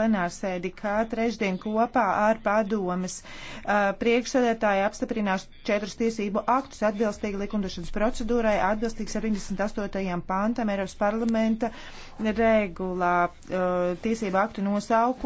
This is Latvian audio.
plenārsēdi, kā trešdien kopā ar padomas priekšsēdētāju apstiprināšu četrus tiesību aktus atbilstīgi likumdošanas procedūrai, atbilstīgi 78. pantam Eiropas parlamenta regulā tiesību aktu nosaukumu.